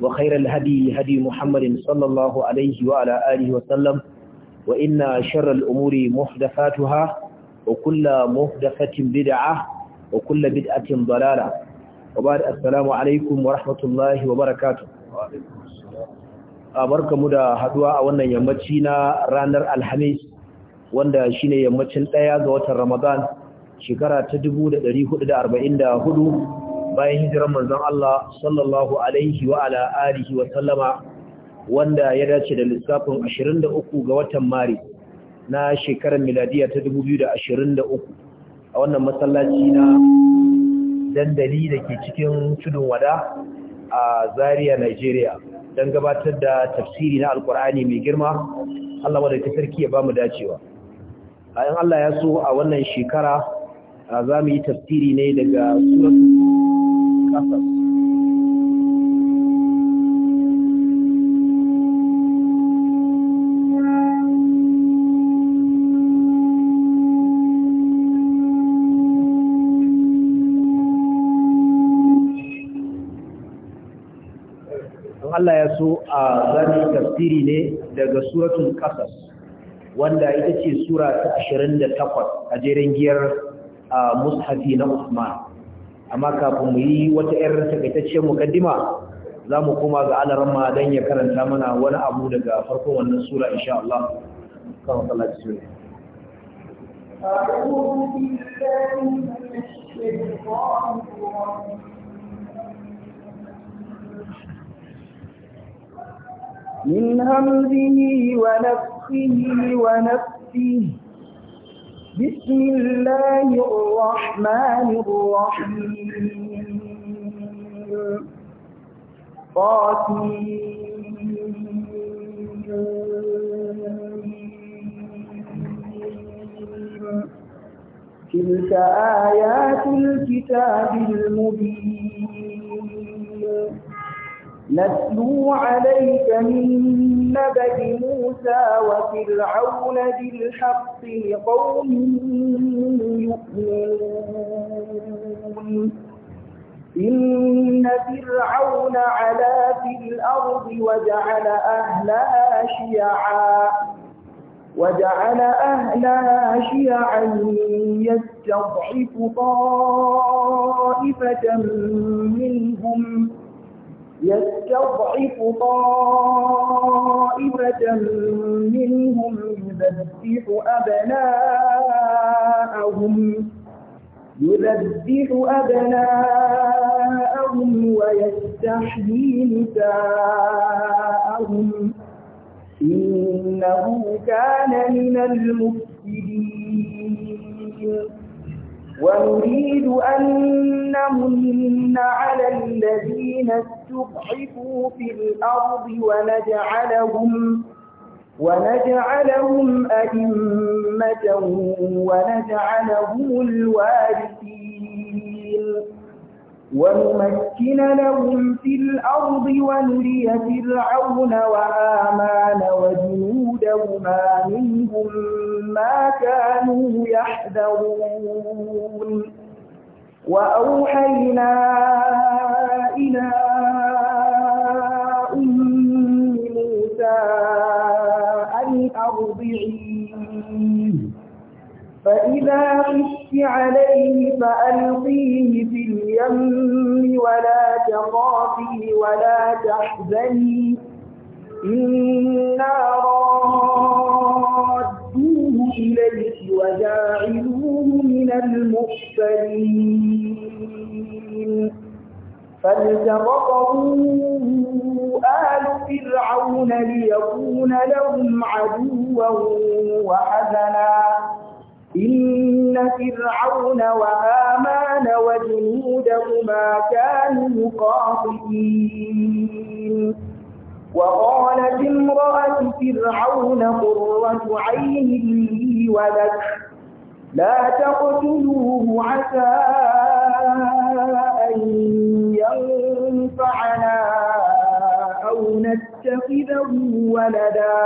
وخير الهدي هدي محمد صلى الله عليه وعلى آله وسلم وإن شر الأمور محدثاتها وكل محدثة بدعة وكل بدعة ضلالة وبعد السلام عليكم ورحمة الله وبركاته barka mu da haduwa a wannan yammaci na ranar alhamis wanda shine yammacin ɗaya ga watan ramadan shekara ta 1444 bayan hijiran manzon Allah sallallahu alaihi wa ala alihi wa sallama wanda ya dace da lissafin 23 ga watan Mari na shekarar miladiya ta 2023 a wannan masallaci na dandali da ke cikin tudun wada a Zaria Nigeria don gabatar da tafsiri na alkur'ani mai girma Allah wadda ta sarki ya ba mu dacewa a Allah ya so a wannan shekara za mu yi tafsiri ne daga suratul don Allah ya so a zani tafsiri ne daga suratun qasas wanda ita ce sura ta 28 a jerin giyar mushafi na Usman amma kafin mu yi wata yar takaitaccen mukaddima za mu koma ga ma don ya karanta mana wani abu daga farkon wannan sura insha Allah kan Allah bismillah أعوذ بالله من همزه ونفخه ونفسه بسم الله الرحمن الرحيم قاسم تلك آيات الكتاب المبين نتلو عليك من نبأ موسى وفرعون بالحق لقوم يؤمنون إن فرعون علا في الأرض وجعل أهلها شيعا وجعل أهلها شيعا يستضعف طائفة منهم يستضعف طائفة منهم يذبح أبناءهم يذبح أبناءهم ويستحيي نساءهم إنه كان من المفسدين ونريد أن نمن على الذين استضعفوا في الأرض ونجعلهم ونجعلهم أئمة ونجعلهم الوارثين ونمكن لهم في الأرض ونري فرعون وآمان وجنودهما منهم ما كانوا يحذرون وأوحينا إلى أم موسى أن أرضعيه فإذا خفت عليه فألقيه في اليم ولا تخافي ولا تحزني إنا رادوه إليك وجاعلوه من المحسنين فالتقطه آل فرعون ليكون لهم عدوا وحزنا إن فرعون وآمان وجنودهما كانوا خاطئين وقالت امرأة فرعون قرة عين لي ولك لا تقتلوه عسى أن ينفعنا أو نتخذه ولدا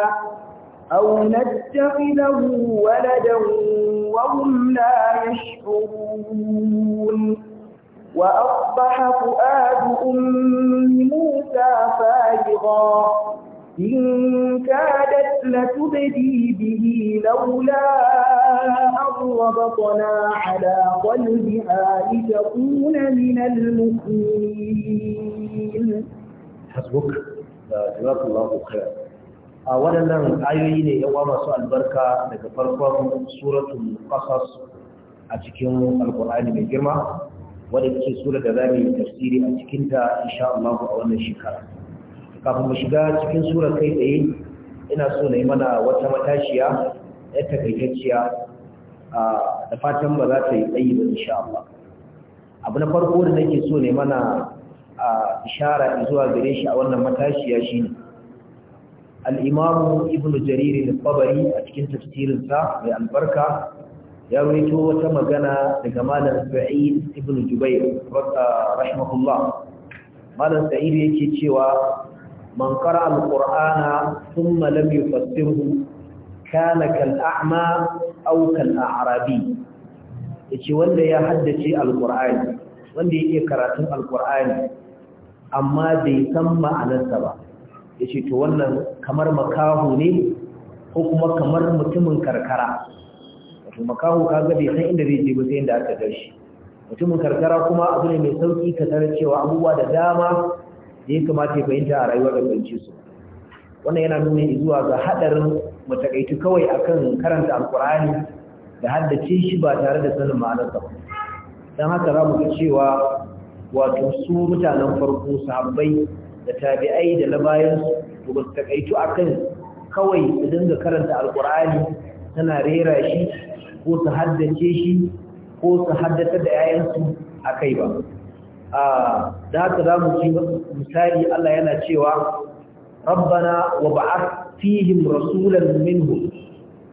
أو نتخذه ولدا وهم لا يشعرون وأصبح فؤاد أم موسى فارغا إن كادت لتبدي به لولا أن ربطنا على قلبها لتكون من المؤمنين حسبك جزاك الله خيرا a waɗannan ayoyi ne yawa masu albarka daga farkon suratun qasas a cikin alkur'ani mai girma wadda ke sura da za mu yi tafsiri a cikinta insha Allah a wannan shekara kafin mu shiga cikin sura kai tsaye ina so na yi mana wata matashiya ya takaitacciya da fatan ba za ta yi tsayi ba insha Allah abu na farko da nake so na yi mana ishara zuwa gare shi a wannan matashiya shine al'imamu ibn Jariri babari a cikin tafsirinsa mai albarka ya rito wata magana daga malar sa'id ibn jubair rahimahullah malar sa'id yake cewa man kara al-qur'ana thumma lam kana kal a'ma aw kal a'rabi ce wanda ya haddace al wanda wanda ke karatun al amma bai san ma'anarsa ba ya to wannan kamar makahu ne ko kuma kamar mutumin karkara wato makahu ka bai san inda zai je ba sai inda aka gashi mutumin karkara kuma abu ne mai sauki ka tare cewa abubuwa da dama da ya kamata ya fahimta a rayuwar da su wannan yana nuna zuwa ga hadarin mutakaitu kawai akan karanta alkur'ani da haddace shi ba tare da sanin ma'anarsa ba dan haka za mu ga cewa wato su mutanen farko sahabbai da tabi'ai da labayansu to ba su takaitu a kan kawai su dinga karanta alkur'ani tana rera shi ko su haddace shi ko su haddace da 'ya'yansu a kai ba da haka za mu ci misali Allah yana cewa rabbana wa ba'ath fihim rasulan minhum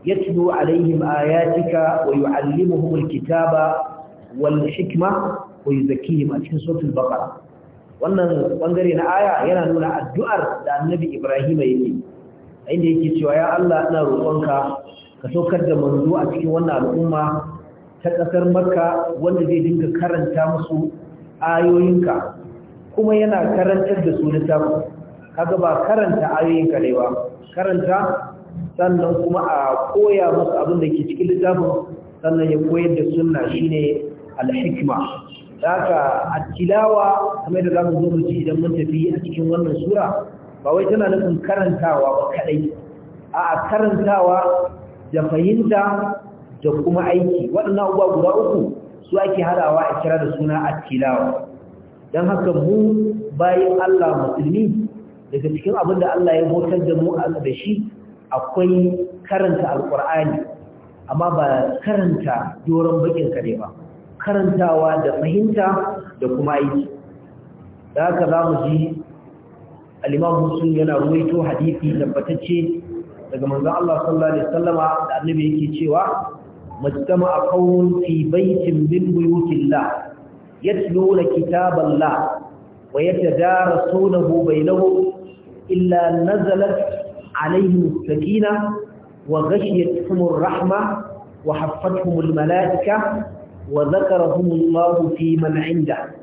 yatlu alaihim ayatika wa yu'allimuhum alkitaba wal hikma wa yuzakkihim a cikin suratul baqara wannan bangare na aya yana nuna addu'ar da annabi ibrahim yake inda yake cewa ya Allah ina roƙonka ka saukar da manzo a cikin wannan al'umma ta ƙasar makka wanda zai dinga karanta musu ayoyinka kuma yana karantar da su littafin kaga ba karanta ayoyinka ne ba karanta sannan kuma a koya musu abin da ke cikin littafin sannan ya koyar da sunna shine al-hikma da atilawa a kamar da za zo mu ci idan mun tafi a cikin wannan sura ba wai tana nufin karantawa ba kadai a karantawa da fahimta da kuma aiki waɗannan abubuwa guda uku su ake hadawa a kira da suna atilawa dan don haka mu bayan Allah musulmi daga cikin abin da Allah ya motar da mu a da shi akwai karanta alkur'ani amma ba karanta doron bakin kare ba karantawa da fahimta da kuma aiki da haka za mu ji al'imam musul yana ruwaito hadithi tabbatacce daga manzan Allah sallallahu Alaihi wasallama da annabi yake cewa majtama a kawun fi baitin bin buyutillah yatluna la, wa bai bainahum illa nazalat alaihi sakina wa ghashiyatuhum ar-rahma wa haffathum al-mala'ika wa zakarahum Allah fi man inda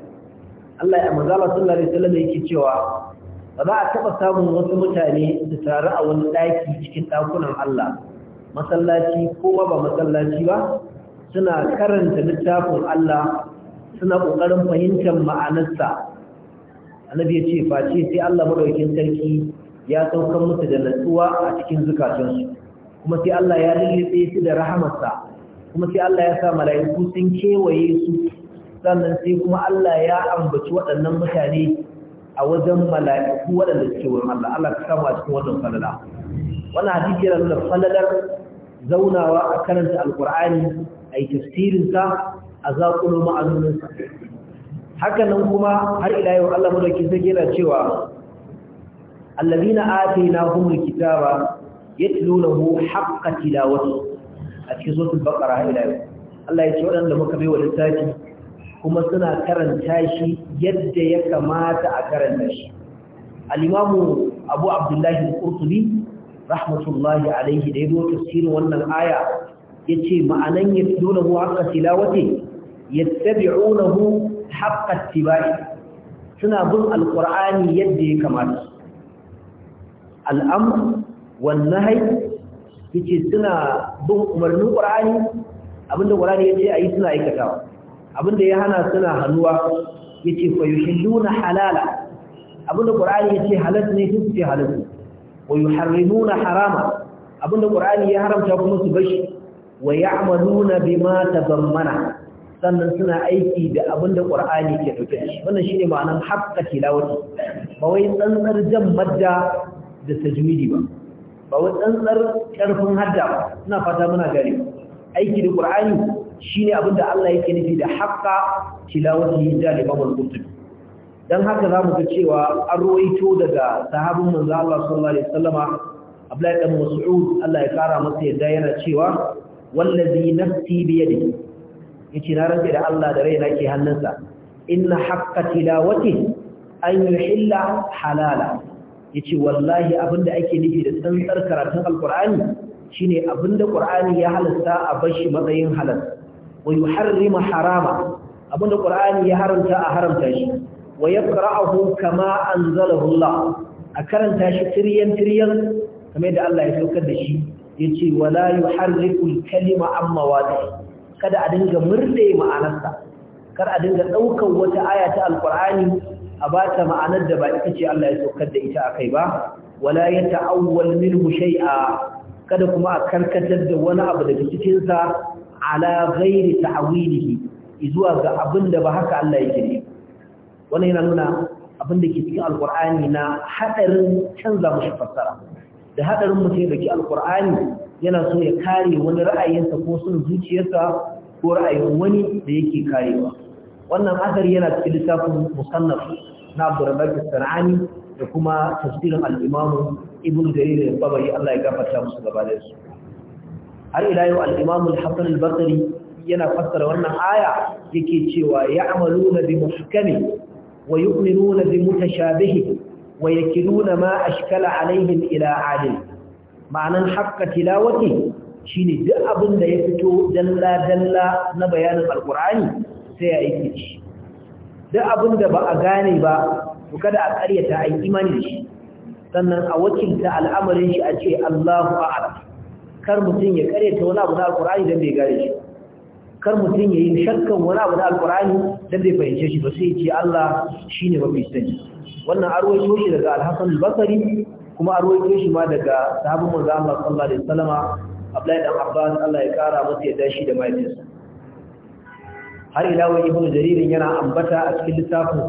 Allah ya manzala sallallahu alaihi wasallam yake cewa ba za a taba samun wasu mutane su taru a wani daki cikin dakunan Allah masallaci ko ba masallaci ba suna karanta littafin Allah suna kokarin fahimtar ma'anarsa annabi ya ce face sai Allah madaukakin sarki ya saukar musu da natsuwa a cikin zukatansu kuma sai Allah ya lullube su da rahamarsa kuma sai Allah ya sa mala'iku sun kewaye su sannan sai kuma Allah ya ambaci waɗannan mutane a wajen mala'iku waɗanda suke wurin Allah Allah ka samu a cikin wannan falala wannan hadisi yana nuna falalar zaunawa a karanta alkur'ani a yi tafsirinsa a zaƙulo ma'anoninsa haka nan kuma har ila yau Allah madauki sai yana cewa allazina atainahumul kitaba yatlunahu haqqa tilawati a cikin sosul bakara har ila yau Allah ya ce waɗanda muka bai wa littafi kuma suna karanta shi yadda ya kamata a karanta shi Alimamu abu abdullahi al-qurtubi rahmatullahi alaihi da zo tafsirin wannan aya yace ma'anan yatlunahu haqqa tilawati yattabi'unahu haqqa suna bin alkur'ani yadda ya kamata al-amr wan yace suna bin umarnin Qur'ani abinda Qur'ani yace ayi suna aikatawa abinda ya hana suna hannuwa yace fa yuhilluna halala abinda Qur'ani yace halal ne su ce halal wa yuharrimuna harama abinda Qur'ani ya haramta kuma su bashi wa ya'maluna bima tabammana sannan suna aiki da abinda Qur'ani ke dauke shi wannan shine ma'anar haqqa tilawati ba wai tsantsar jan madda da tajwidi ba ba wa tsantsar ƙarfin hadda ba ina fata muna gari aiki da ƙur'ani shine abin da Allah yake nufi da haƙƙa tilawati da limamul qurtubi dan haka zamu ga cewa an ruwaito daga sahabin manzo Allah sallallahu alaihi wasallama Abdullahi dan Mas'ud Allah ya kara masa yadda yana cewa wallazi nafsi bi yadi yace na da Allah da raina ke hannunsa inna haqqa tilawati an yuhilla halala yace wallahi abinda ake nufi da tsantsar karatun alkur'ani shine abinda qur'ani ya halasta a bashi matsayin halal wa yuharrima harama abinda qur'ani ya haramta a haramta shi wa yaqra'uhu kama anzalahu Allah a karanta shi tiryan tiryan kamar yadda Allah ya saukar da shi yace wala yuharriku kalima amma wadi kada a dinga murde ma'anarsa kar a dinga daukar wata aya ta alqur'ani a ba ta ma'anar da ba ita ce Allah ya saukar da ita a kai ba wala ya ta'awwal minhu shay'a kada kuma a karkatar da wani abu daga cikin ala gairi ta'awilihi. zuwa ga abin da ba haka Allah ya ne wannan yana nuna abin da ke cikin Alƙur'ani na hadarin canza mushi fassara da hadarin mutum da ke Alƙur'ani yana so ya kare wani ra'ayinsa ko son zuciyarsa ko ra'ayin wani da yake karewa wannan asari yana cikin littafin musannaf na Abdurrabbaq sanani da kuma tafsirin al-Imam Ibn Jarir al-Tabari Allah ya gafarta musu gaba da su har ila yau al-Imam al-Hasan al-Basri yana fassara wannan aya yake cewa ya'maluna bi muhkami wa yu'minuna bi mutashabihi wa yakiluna ma ashkala alaihim ila adil ma'anan haqqa tilawati shine duk abin da ya fito dalla dalla na bayanin alqur'ani sai ya aiki da shi duk abin da ba a gane ba to kada a karyata a yi imani da shi sannan a wakilta al'amarin shi a ce Allahu a'lam kar mutum ya karyata wani abu na alqur'ani dan bai gane shi kar mutum ya yi shakkan wani abu na alqur'ani dan bai fahimce shi ba sai ce Allah shine mafi sani wannan arwayo shi daga al-Hasan al-Basri kuma arwayo shi ma daga sahabban manzo Allah sallallahu alaihi wasallama Abdullahi dan Abbas Allah ya kara masa yadda shi da mahaifinsa har ila wani ibn jaririn yana ambata a cikin littafinsa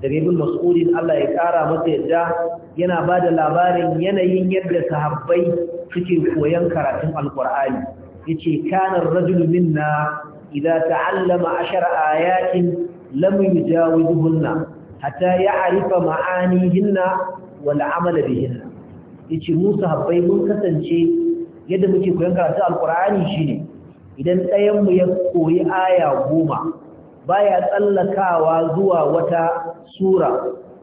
daga ibn mas'udin Allah ya kara masa yadda yana ba da labarin yanayin yadda sahabbai suke koyon karatun alkur'ani yace ce ar-rajulu minna idan ta'allama ashara ayatin lam yujawizuhunna hatta ma'ani hinna, wal 'amala Ya yace mu sahabbai mun kasance yadda muke koyon karatun alkur'ani shine idan ɗayanmu ya koyi aya goma baya tsallakawa zuwa wata sura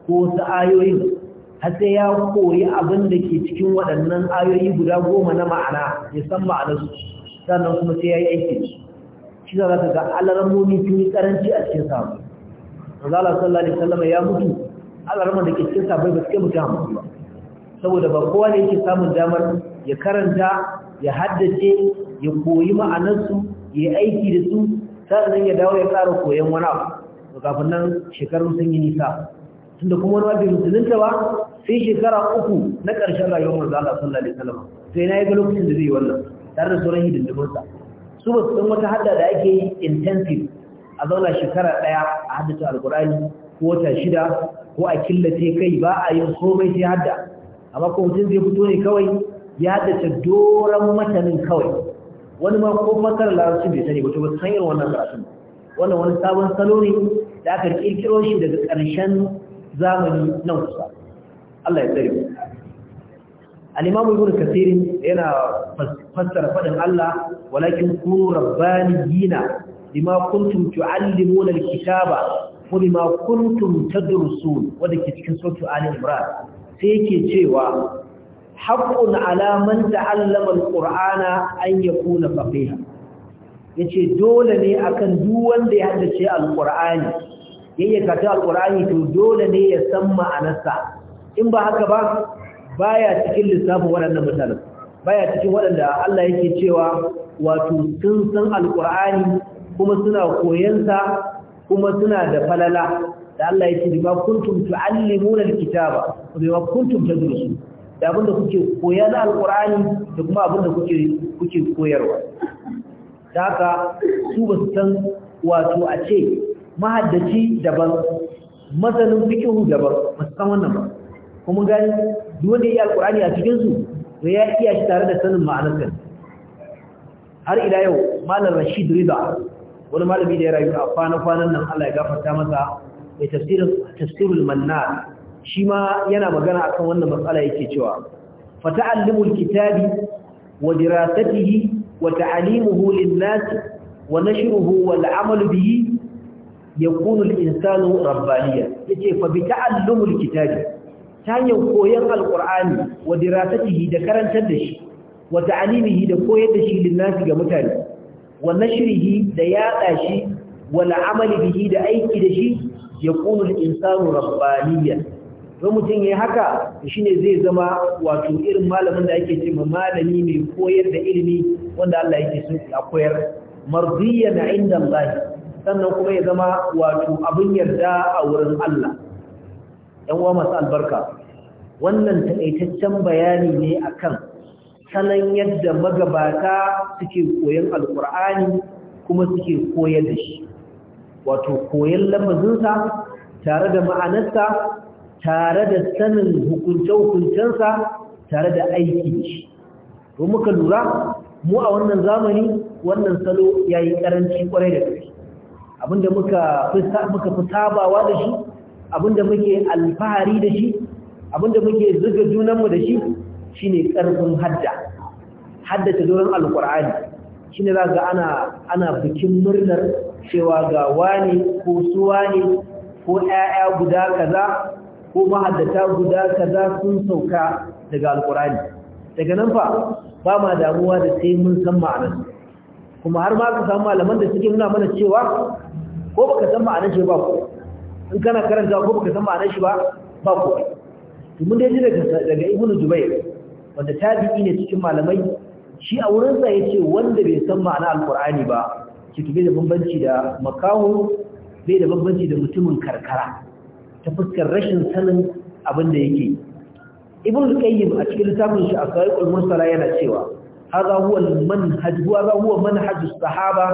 ko su ayoyin har sai ya koyi abin da ke cikin waɗannan ayoyi guda goma na ma'ana ya san ma'anarsu sannan kuma sai ya yi aiki shi za ka ga alarmomi sun yi karanci a cikin sa Allah sallallahu alaihi wasallam ya mutu alarman da ke cikin sabai ba sai mutum hamsin ba saboda ba kowa ne yake samun damar ya karanta ya haddace ya koyi ma'anarsu ya yi aiki da su sannan ya dawo ya ƙara koyon wani abu kafin nan shekaru sun yi nisa tunda kuma wani bai musulunta ba sai shekara uku na ƙarshen rayuwar manzo Allah sallallahu alaihi wasallam sai na yi ga lokacin da zai yi wannan tare da sauran hidindimin sa su ba su san wata hadda da ake yi intensive a zauna shekara ɗaya a haddace alkur'ani ko wata shida ko a killace kai ba a yi komai sai hadda amma ko mutum zai fito ne kawai ya haddace doron matanin kawai wani ma ko makar larabci bai sani wato ba san irin wannan karatun wannan wani sabon salo ne da aka kirkiro shi daga ƙarshen zamani nan kusa Allah ya tsare al-imamu ibnu kathir yana fassara fadin Allah walakin kunu rabbaniyina bima kuntum tu'allimuna al-kitaba wa bima kuntum tadrusun wanda ke cikin sura Ali Imran sai yake cewa haƙƙun alaman ta'allama Kur'ana an ya kuna fafiha ya ce dole ne akan duk wanda ya haddace alƙur'ani ya yi kata alƙur'ani to dole ne ya san ma'anarsa in ba haka ba baya cikin lissafin waɗannan ba baya cikin waɗanda Allah yake cewa wato sun san alƙur'ani kuma suna koyansa kuma suna da falala da Allah yake bima kuntum tu'allimuna alkitaba bima kuntum tadrusun da abinda kuke koya na alkur'ani da kuma abinda kuke koyarwa. koyarwa haka su ba su san wato a ce mahaddaci daban masanin fikihu daban masu su wannan ba kuma gani duk wanda ya yi alkur'ani a cikin su to ya iya shi tare da sanin ma'anarsa har ila yau malam Rashid Rida wani malami da ya rayu a kwana-kwanan nan Allah ya gafarta masa mai tafsirin tafsirul manna shi ma yana magana a kan wannan matsala yake cewa fata'allimul kitabi wa dirasatihi wa ta'limuhu lin-nas wa nashruhu wal 'amalu bihi yakunu al-insanu rabbaniya yace fa bi ta'allumul kitabi ta hanyar koyon alqur'ani wa dirasatihi da karantar da shi wa ta'limihi da koyar da shi lin ga mutane wa nashrihi da yada shi wal 'amali bihi da aiki da shi yakunu al-insanu rabbaniya don mutum ya haka shi ne zai zama wato irin malamin da ake ce malami mai koyar da ilimi wanda Allah yake so a koyar marziya na inda Allah sannan kuma ya zama wato abin yarda a wurin Allah ɗan uwa masu albarka wannan taƙaitaccen bayani ne akan salon yadda magabata suke koyan alkur'ani kuma suke koyar da shi wato koyan lafazinsa tare da ma'anarsa tare da sanin hukunce-hukuncensa tare da aiki shi Ko muka lura mu a wannan zamani wannan salo ya yi ƙaranci ƙwarai da ƙarfi abinda muka fi sabawa da shi abinda muke alfahari da shi abinda muke zuga mu da shi shine ƙarfin hadda ta doron alƙur'ani shine za ga ana ana bikin murnar cewa ga wane ko suwa ne ko 'ya'ya guda kaza ko mahaddata guda kaza sun sauka daga alkurani daga nan fa ba ma damuwa da sai mun san ma'anar kuma har ma ka samu malaman da suke nuna mana cewa ko baka san ma'anar shi ba ko in kana karanta ko baka san ma'anar shi ba ba ko to mun dai daga daga ibnu jubair wanda tabi'i ne cikin malamai shi a wurin sa yace wanda bai san ma'anar alkurani ba ki tube da bambanci da makahu bai da bambanci da mutumin karkara ta fuskar rashin sanin abin da yake ibn qayyim a cikin littafin shi a saiqul mursala yana cewa hadha huwa al-manhaj huwa huwa manhaj as-sahaba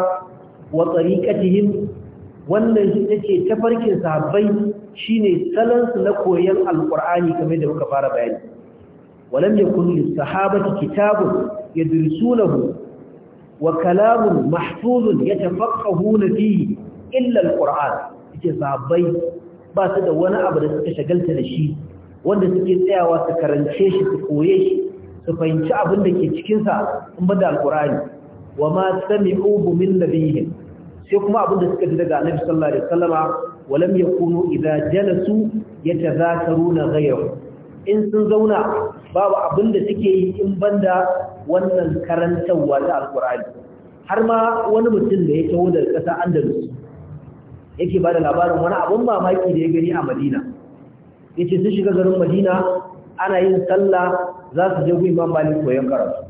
wa tariqatihim wannan shi tace tafarkin sahabbai shine salansu na koyon alqur'ani kamar da muka fara bayani walam yakun lis-sahabati kitabun yadrusunahu wa kalamun mahfuzun yatafaqqahuna fihi illa al-qur'an yace sahabbai ba su da wani abu da suka shagalta da shi wanda suke tsayawa su karance shi su koye shi su fahimci abin da ke cikinsa in ba da alkurani wa ma sami'u bu min nabihim sai kuma abin da suka ji daga annabi sallallahu alaihi wasallama wa lam yakunu idza jalasu yatazakaruna ghayru in sun zauna babu abin da suke yi in banda wannan karantarwa da alkurani har ma wani mutum da ya taho daga ƙasa andalus yake ba da labarin wani abun mamaki da ya gani a madina ya ce sun shiga garin madina ana yin sallah za su je guyi imam koyon karatu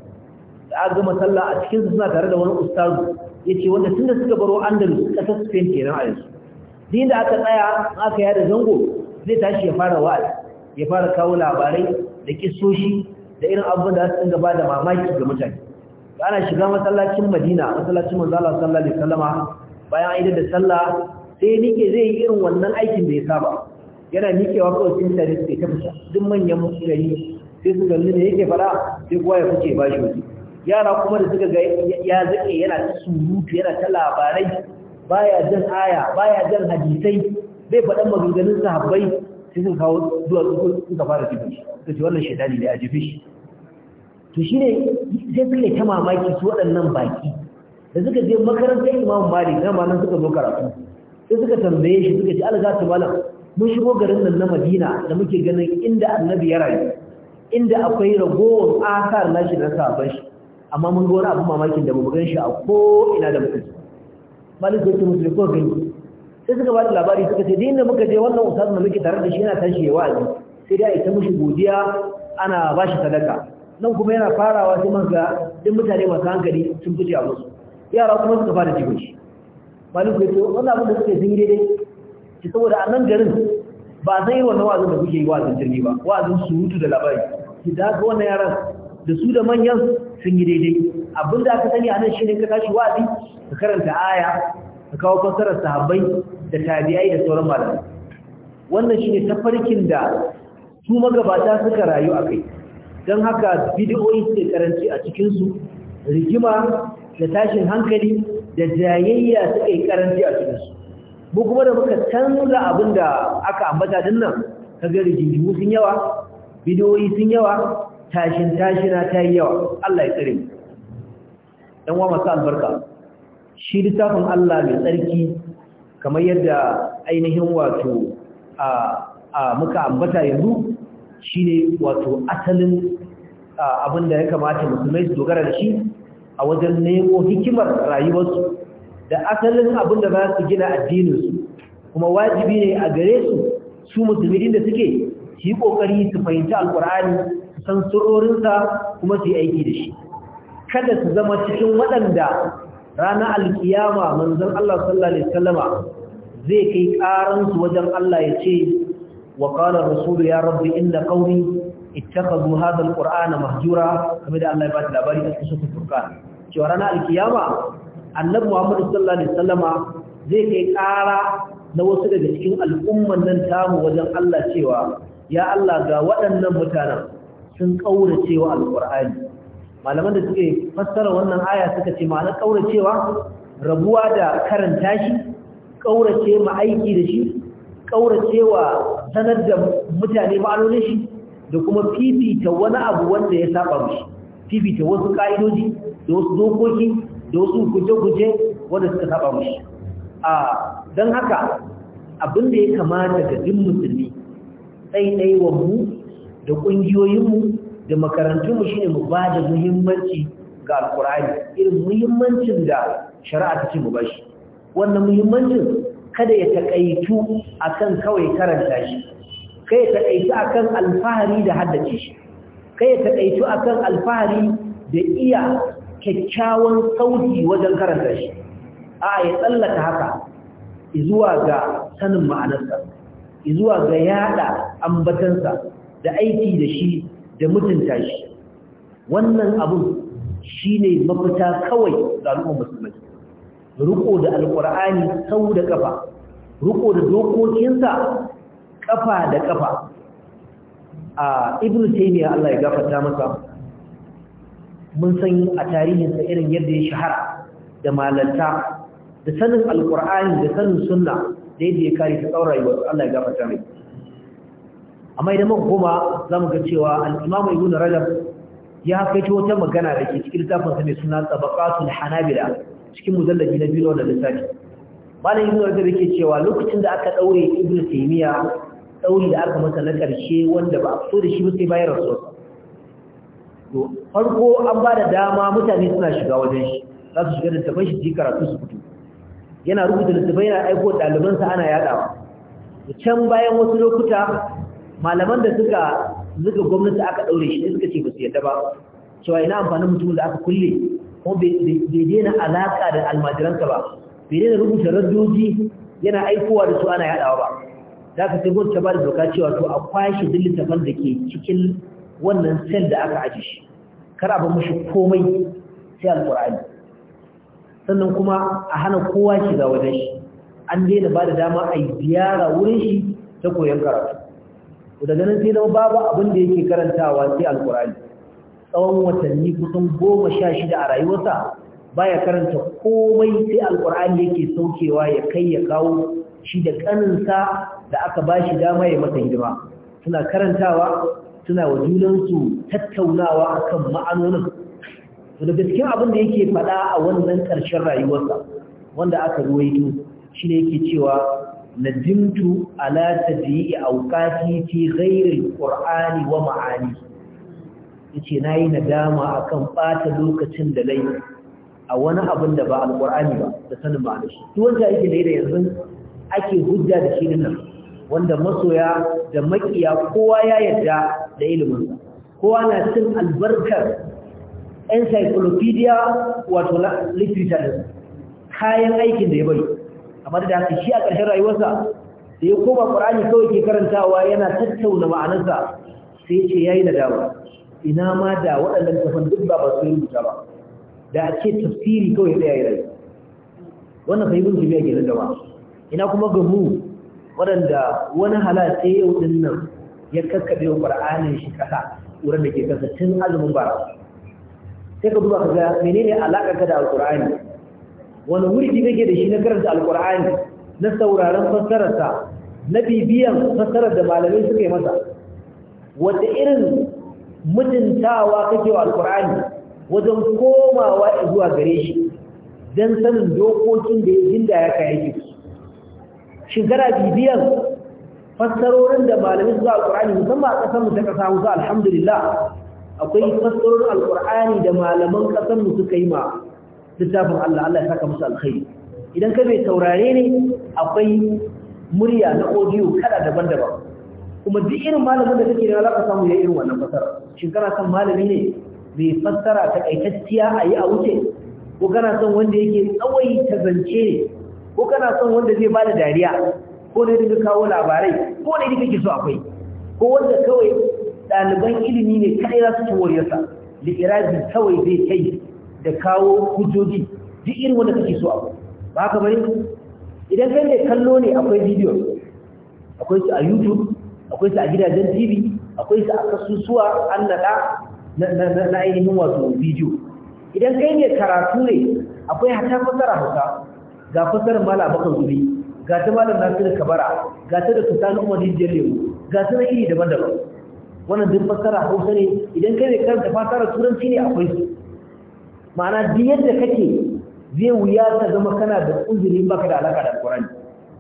da aka gama sallah a cikin suna tare da wani ustazu ya ce wanda tun da suka baro andalus ƙasar spain kenan a yanzu din da aka tsaya aka yada zango zai tashi ya fara wa'azi ya fara kawo labarai da kisoshi da irin abin da su ba da mamaki ga mutane ana shiga masallacin madina masallacin manzala sallallahu alaihi wasallama bayan aidar da sallah sai nike zai yi irin wannan aikin da ya saba yana nikewa kawai sun tare su ta fita duk manyan gari sai su galli da yake fara sai kowa ya fice ba shi wani yara kuma da suka ga ya zaƙe yana ta surutu yana ta labarai baya jan aya baya jan hadisai bai faɗan maganganun sahabbai sai sun kawo su suka fara jibi shi ce wannan shaitani ne a jibi shi to shi ne sai suka ta mamaki su waɗannan baki da suka je makarantar imamu malik na nan suka zo karatu sai suka tambaye shi suka ce alga malam mun shigo garin nan na madina da muke ganin inda annabi ya rayu inda akwai ragowar asar nashi na sabon shi amma mun ga wani abu mamakin da mu gan shi a ko ina da mutum malik ya ce musulmi ko gani sai suka ba da labari suka ce dinda muka je wannan ustaz da muke tare da shi yana tashi ya wa'azi sai dai ta mushi godiya ana ba shi sadaka nan kuma yana farawa sai man ga duk mutane masu hankali sun fice a musu yara kuma suka fara jigo shi maliku ya ce abin da suke sun yi daidai saboda a nan garin ba san yi wannan wa'azin da kuke yi wa'azin jirgi ba wa'azin surutu da labari ki da haka wannan yaran da su da manyan sun yi daidai abin da aka sani a nan shine ka tashi wa'azi ka karanta aya ka kawo fassarar sahabbai da tabi'ai da sauran malamai wannan shine tafarkin da su magabata suka rayu a kai don haka bidiyoyi suke karanci a cikinsu rigima da tashin hankali da jayayya suka yi karanci a cikinsu mu kuma da muka canza abin aka ambata din nan ka ga rigingimu sun yawa bidiyoyi sun yawa tashin tashina ta yi yawa Allah ya tsare dan wa masa albarka shi littafin Allah mai tsarki kamar yadda ainihin wato a a muka ambata yanzu shine wato asalin abinda ya kamata musulmai su dogara da shi a wajen nemo hikimar rayuwarsu da asalin abin da za su gina addininsu kuma wajibi ne a gare su su musulmi da suke su yi ƙoƙari su fahimci alkur'ani su san surorinsa kuma su yi aiki da shi kada su zama cikin waɗanda ranar alkiyama manzon Allah sallallahu alaihi wasallama zai kai ƙaransu wajen Allah ya ce wa qala rasulu ya rabbi inna qawmi ittakhadhu hadha alqur'ana mahjura kamar da Allah ya ba da labari a cikin Qur'an cewa ranar alkiyama annabi Muhammad sallallahu alaihi wasallama zai kai ƙara na wasu daga cikin al'umman nan tamu wajen Allah cewa ya Allah ga waɗannan mutanen sun kauracewa alqur'ani malaman da suke fassara wannan aya suka ce ma'ana ƙauracewa rabuwa da karanta shi ƙaurace ma aiki da shi ƙauracewa sanar da mutane ma'anonin shi da kuma fifita wani abu wanda ya saba mishi fifita wasu ka'idoji da wasu dokoki da wasu guje-guje wanda suka saba mu a don haka abin da ya kamata da duk musulmi tsaitaiwan mu da ƙungiyoyinmu da makarantunmu shine mu ba da muhimmanci ga alkur'ani irin muhimmancin da shari'a ta ce mu ba shi wannan muhimmancin kada ya taƙaitu akan kawai karanta shi kai ta ɗaitu a kan alfahari da haddace shi kai ta ɗaitu a kan alfahari da iya kyakkyawan sauti wajen karanta shi a ya tsallaka haka Izuwa ga sanin ma'anarsa izuwa ga yada ambatansa da aiki da shi da mutunta shi wannan abun shine mafita kawai ga al'ummar musulmai Ruko da Alƙur'ani sau da kafa ruko da dokokinsa kafa da kafa a ibnu taymiya Allah ya gafarta masa mun san a tarihinsa irin yadda ya shahara da malanta da sanin alqur'ani da sanin sunna da yadda ya kare ta tsawon rayuwar Allah ya gafarta mai amma idan muka koma za ga cewa al-imam ibn rajab ya kaito wata magana da ke cikin littafin sa mai suna tabaqatul hanabila cikin mujallabi na biyu da lissafi malam ibn rajab yake cewa lokacin da aka daure ibn taymiya ɗauri da aka masa na ƙarshe wanda ba a fito da shi ba sai bayan rasuwa to farko an ba da dama mutane suna shiga wajen shi za su shiga tafai shi jikar karatu su fito yana rubuta tafai yana aiko ɗalibansa ana yaɗawa can bayan wasu lokuta malaman da suka zuga gwamnati aka ɗaure shi suka ce ba su yadda ba cewa ina amfanin mutumin da aka kulle kuma bai daina alaƙa da almajiransa ba bai daina rubuta radiyoji yana aikowa da su ana yaɗawa ba za ka sai gwamnati ta ba da doka cewa to a kwashe duk littafin da ke cikin wannan sel da aka aji shi kar a ba mushi komai sai alƙur'ani sannan kuma a hana kowa shiga wajen shi an daina ba da dama a ziyara wurin shi ta koyon karatu daga nan sai zama babu abin da yake karantawa sai alƙur'ani tsawon watanni kusan goma sha shida a rayuwarsa baya karanta komai sai alƙur'ani yake saukewa ya kai ya kawo shi da ƙaninsa da aka ba shi dama ya masa hidima suna karantawa suna wa junansu tattaunawa kan ma'anonin da gaskiyar abin da yake faɗa a wannan ƙarshen rayuwarsa wanda aka ruwaito shi ne yake cewa nadimtu ala a awqati fi ghairi wa ma'ani yace nayi nadama akan ɓata lokacin da laifi, a wani abin da ba alqur'ani ba da sanin ma'anar shi duk yake da yanzu ake hujja da shi nan, wanda masoya da makiya kowa ya yarda da ilimin kowa na cin albarkar encyclopedia wato literature kayan aikin da ya bari amma da haka shi a ƙarshen rayuwarsa da ya koma ƙur'ani kawai ke karantawa yana tattauna ma'anarsa sai ce yayi nadama ina ma da waɗannan tafan duk ba ba su yi rubuta ba da a tafsiri kawai ɗaya ya rai wannan sai mun tabiya ke nan da ba ina kuma ga mu waɗanda wani halatta yau ɗin nan ya kakkaɓe wa ƙar'anin shi ƙasa wurin da ke ƙasa tun azumin bara sai ka duba ka ga menene alaƙa ka da alƙur'ani wani wurfi kake da shi na karanta alƙur'ani na sauraron fassararsa na bibiyan fassarar da malamai suka yi masa wata irin mutuntawa kake wa alƙur'ani wajen komawa zuwa gare shi don sanin dokokin da ya jinda ya kayayyaki su shin kana bibiyan fassarorin da malamin zuwa alqur'ani musamman a kasar mu ta kasa Hausa alhamdulillah akwai fassarorin Alƙur'ani da malaman ƙasarmu suka yi ma littafin Allah Allah ya saka musu alkhairi idan ka bai taurare ne akwai murya na audio kada daban-daban kuma duk irin malamin da kake da alaka samu ya irin wannan fassara. shin kana son malami ne mai fassara ta kaitacciya a yi a wuce ko kana son wanda yake tsawai ta zance ne ko kana son wanda zai bada dariya ko ne dinga kawo labarai ko ne dinga kiso akwai ko wanda kawai daliban ilimi ne kai za su tuwar yasa likirazi kawai zai kai da kawo hujjoji duk irin wanda kake so akwai. ba ka bari idan kai ne kallo ne akwai bidiyo akwai su a youtube akwai su a gidajen tv akwai su a kasusuwa an naɗa na ainihin wato bidiyo idan kai ne karatu ne akwai hata fasara hausa ga fasarar mala bakan zuri ga ta malam nasir kabara ga ta da kusan umar jijiyar lemu ga ta iri daban-daban wannan duk fasara hausa ne idan kai ne karanta fasarar turanci ne akwai su ma'ana duk yadda kake zai wuya ta zama kana da uzuri baka da alaka da alkurani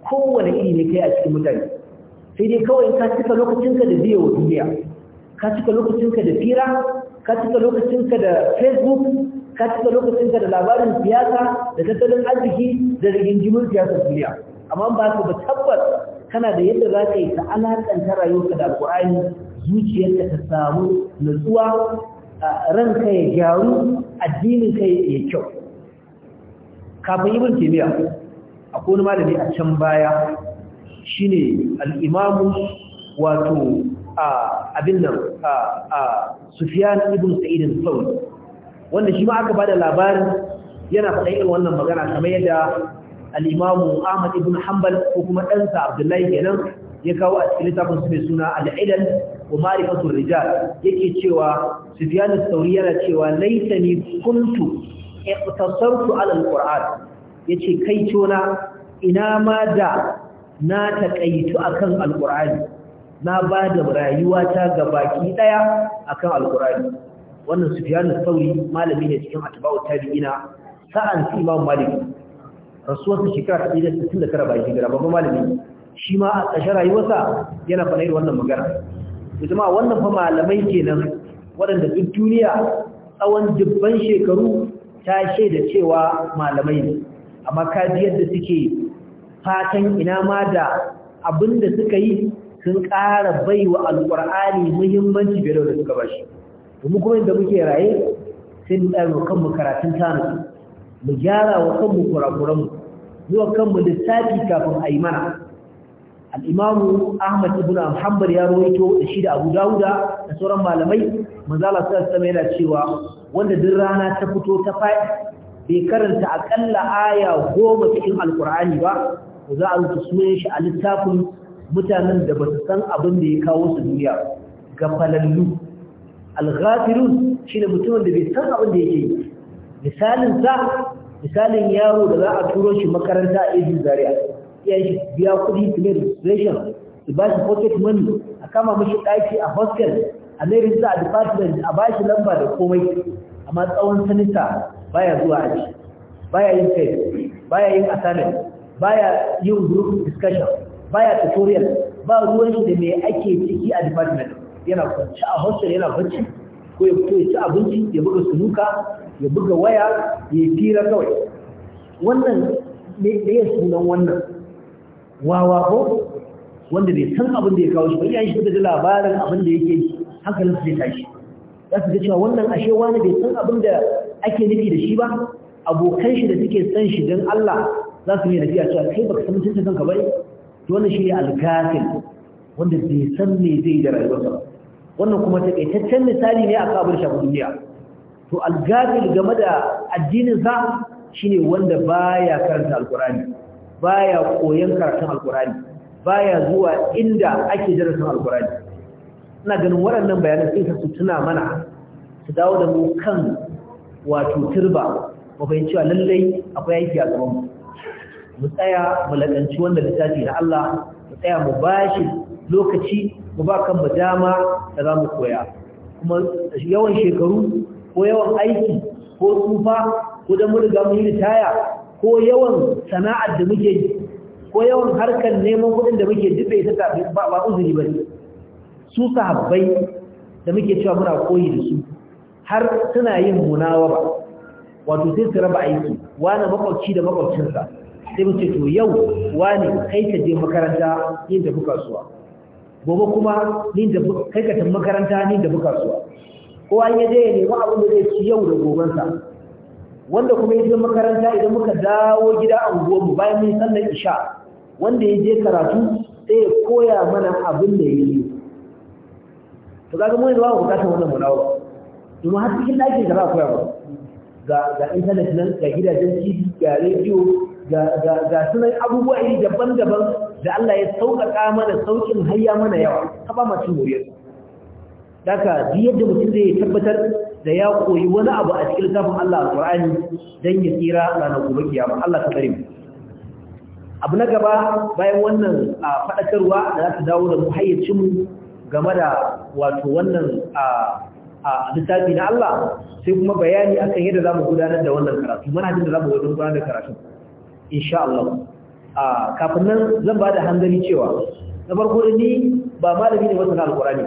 kowane iri ne kai a cikin mutane sai dai kawai ka cika lokacinka da biya wa duniya ka cika lokacinka da fira ka cika lokacinka da facebook ka cika lokacin da labarin siyasa da tattalin arziki da rigingimin siyasar duniya amma ba su ba tabbas kana da yadda za ka yi ka alakanta rayuwarka da alƙur'ani zuciyarka ta samu nutsuwa ranka ya gyaru addinin ka ya kyau kafin ibn kimiyya, akwai wani malami a can baya shine al-imam wato abin nan sufyan ibn sa'id al wanda shi ma aka bada labarin yana faɗa irin wannan magana kamar yadda al-Imam Ahmad ibn Hanbal ko kuma ɗansa Abdullahi kenan ya kawo a cikin littafin su mai suna al-Ilal wa Ma'rifatul Rijal yake cewa Sufyan al-Thawri yana cewa laitani kuntu iqtasartu ala al-Qur'an yace kai cona ina ma da na taƙaitu akan al-Qur'ani na ba da rayuwata ga baki ɗaya akan al-Qur'ani wannan sufiyanu sauri malami ne cikin atba'u tabi'ina sa'an su imam malik rasuwarsa shekara ta ɗaya sittin da tara bayan hijira babban malami shi ma a ƙarshen rayuwarsa yana faɗa irin wannan magana to jama'a wannan fa malamai kenan waɗanda duk duniya tsawon dubban shekaru ta shaida cewa malamai ne amma ji yadda suke fatan ina ma da abin da suka yi sun ƙara baiwa alƙur'ani muhimmanci biyar da suka shi. domin kuma inda muke raye sai mu tsaya wa kanmu karatun tanu mu gyara wa kanmu kurakuranmu zuwa kanmu lissafi kafin a yi mana al'imamu ahmad ibn alhambar ya rawaito da shi da abu dawuda da sauran malamai manzala su sama yana cewa wanda duk rana ta fito ta faɗi bai karanta akalla aya goma cikin alkur'ani ba za a rufe sunan shi a littafin mutanen da ba su san abin da ya kawo su duniya ga falallu al shine mutumin da bai san abin da yake yi misalin sa misalin yaro da za a turo shi makaranta a ejin zaria iyayen shi biya kudi su ne registration su ba shi pocket money a kama mashi ɗaki a hostel a mai rinsa a department a ba shi lamba da komai amma tsawon sanita baya zuwa aji baya yin test baya yin assignment baya yin group discussion baya tutorial ba ruwan shi da me ake ciki a department yana kwanci a hostel yana bacci ko ya fito ya ci abinci ya buga sunuka ya buga waya ya fira kawai wannan ne da ya sunan wannan wawa ko wanda bai san abin da ya kawo shi ba ya shi da labarin abin da yake hankalin su zai tashi za su ga cewa wannan ashe wani bai san abin da ake nufi da shi ba abokan shi da suke san shi don Allah za su yi tafiya cewa kai baka san mutuncin kanka ba to wannan shi ne alkafin wanda bai san me zai da rayuwarsa wannan kuma takaitaccen misali ne akan abin shafi duniya to algafil game da addinin sa shine wanda baya karanta ba baya koyon karatun ba baya zuwa inda ake darasin alkur'ani ina ganin waɗannan bayanan sai su tuna mana su dawo da mu kan wato turba Ba bayyana cewa lallai akwai aiki a gaban mu mu tsaya mu ladanci wannan littafi na Allah mu tsaya mu bashi lokaci mu ba kanmu dama da za mu koya kuma yawan shekaru ko yawan aiki ko tsufa ko da mun riga mun yi ritaya ko yawan sana'ar da muke yi ko yawan harkar neman kuɗin da muke duk ta tafi ba uzuri ba su sahabbai da muke cewa muna koyi da su har suna yin munawa ba? wato sai su raba aiki wani makwabci da makwabcinsa sai mu ce to yau wani kai ka je makaranta yin tafi kasuwa gobe kuma ni da kai ka makaranta ni da buka su kowa ya je ya nemi abin da zai ci yau da sa. wanda kuma ya je makaranta idan muka dawo gida a mu bayan mun sallar isha wanda ya je karatu sai ya koya mana abin da ya yi to kaga mun da babu bukatar wannan munawo kuma har cikin dakin da za a koya ba ga ga intanet nan ga gidajen tv ga rediyo ga sunan abubuwa iri daban-daban da Allah ya sauƙaƙa mana sauƙin hayya mana yawa ta ba masu moriyar Daka ji yadda mutum zai tabbatar da ya koyi wani abu a cikin litafin Allah a kur'ani don ya tsira ranar gobe kiyama Allah ta kare abu na gaba bayan wannan faɗakarwa da za ta dawo da mu game da wato wannan a littafi na Allah sai kuma bayani akan yadda mu gudanar da wannan karatu jin da za mu gudanar da karatu insha Allah a kafin nan zan ba da hanzari cewa na farko ni ba malami ne wasu na alkurani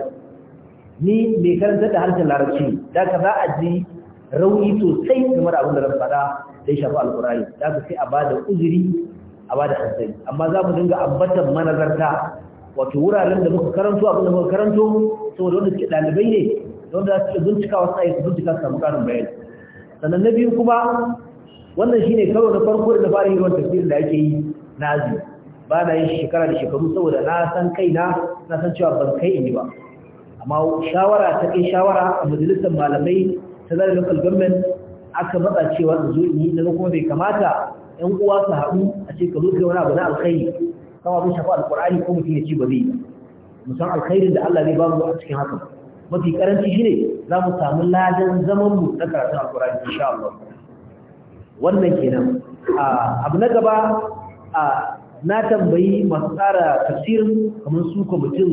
ni mai karanta da harshen larabci da ka za a ji rauni sosai game da abin da zan faɗa da ya shafi alkurani da ka sai a ba da uzuri a ba da hanzari amma za mu dinga ambatan manazarta wato wuraren da muka karanto abin da muka karanto saboda wanda suke ɗalibai ne da wanda za su bincika wasu ayyuka bincika su samu ƙarin bayani sannan na biyu kuma wannan shine karo na farko da fara yin wannan tafsirin da ake yi nazi ba na yin shekara da shekaru saboda na san kaina na san cewa ban kai in yi ba amma shawara ta kai shawara a majalisar malamai ta zarar local government aka matsa cewa da zo yi na kuma bai kamata yan uwa su haɗu a ce ka zo wani abu na alkhairi kama abin shafa alkur'ani ko mutum ya ci ba zai yi musan alkhairin da Allah zai babu a cikin haka mafi karanci shine za mu samu ladan zaman mu na karatun alkur'ani insha Allah wannan kenan abu na gaba na tambayi masu tsara tafsirin kamar su kwamitin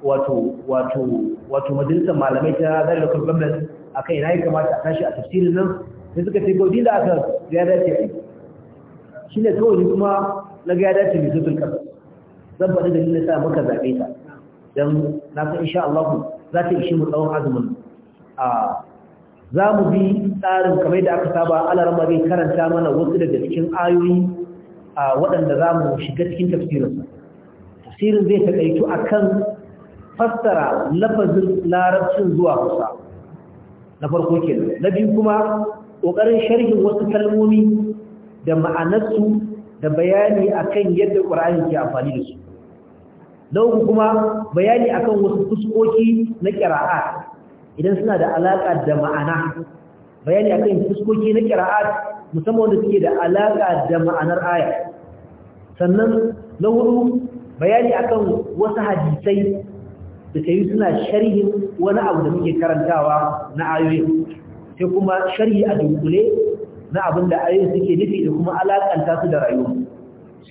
wato majalisar malamai ta zarar kurbanar a kai na yi kamata a tashi a tafsirin nan sai suka ce gaudi da aka ya dace a yi shi ne kawai kuma na ga ya dace mai zutun kasa zan faɗi da nuna sa maka zaɓe ta don na san insha Allah za ta ishe mu tsawon azumin a za mu bi tsarin kamar da aka saba alarma zai karanta mana wasu daga cikin ayoyi a waɗanda za mu shiga cikin tafsirinsu. tafsirin zai taƙaitu a kan fassara lafazin larabcin zuwa hausa na farko ke na biyu kuma ƙoƙarin sharhin wasu kalmomi da ma'anarsu da bayani akan yadda ƙur'ani ke amfani da su na uku kuma bayani akan wasu fuskoki na ƙira'a idan suna da alaƙa da ma'ana bayani akan fuskoki na ƙira'at musamman wanda suke da alaƙa da ma'anar aya sannan na hudu bayani akan wasu hadisai da ta suna sharhin wani abu da muke karantawa na ayoyin sai kuma sharhi a dunkule na abin da ayoyin suke nufi da kuma alaƙanta su da rayuwa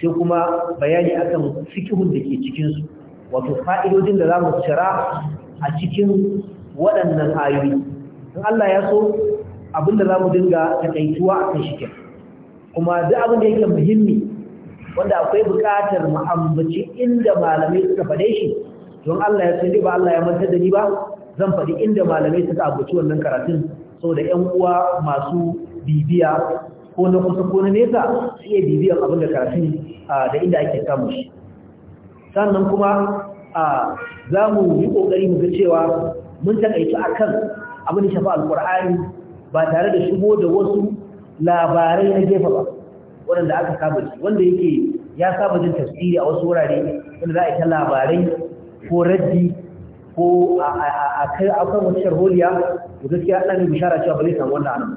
sai kuma bayani akan fikihun da ke cikinsu wato fa'idodin da za mu cira a cikin waɗannan ayoyi in Allah ya so abinda za mu dinga takaituwa a kan shikin kuma duk abin da yake muhimmi wanda akwai buƙatar mu ambaci inda malamai suka faɗe shi don Allah ya so ba Allah ya mantar da ni ba zan faɗi inda malamai suka ambaci wannan karatun saboda ƴan uwa masu bibiya ko na kusa ko na nesa su iya bibiyan abin da karatun da inda ake samu shi sannan kuma za mu yi ƙoƙari mu ga cewa mun takaitu akan abin da shafa alqur'ani ba tare da shigo da wasu labarai na gefe ba wanda aka saba shi wanda yake ya saba jin tafsiri a wasu wurare wanda za a yi ta labarai ko raddi ko a kai akan wata sharholiya to gaskiya ana mai bishara cewa ba zai samu wannan anan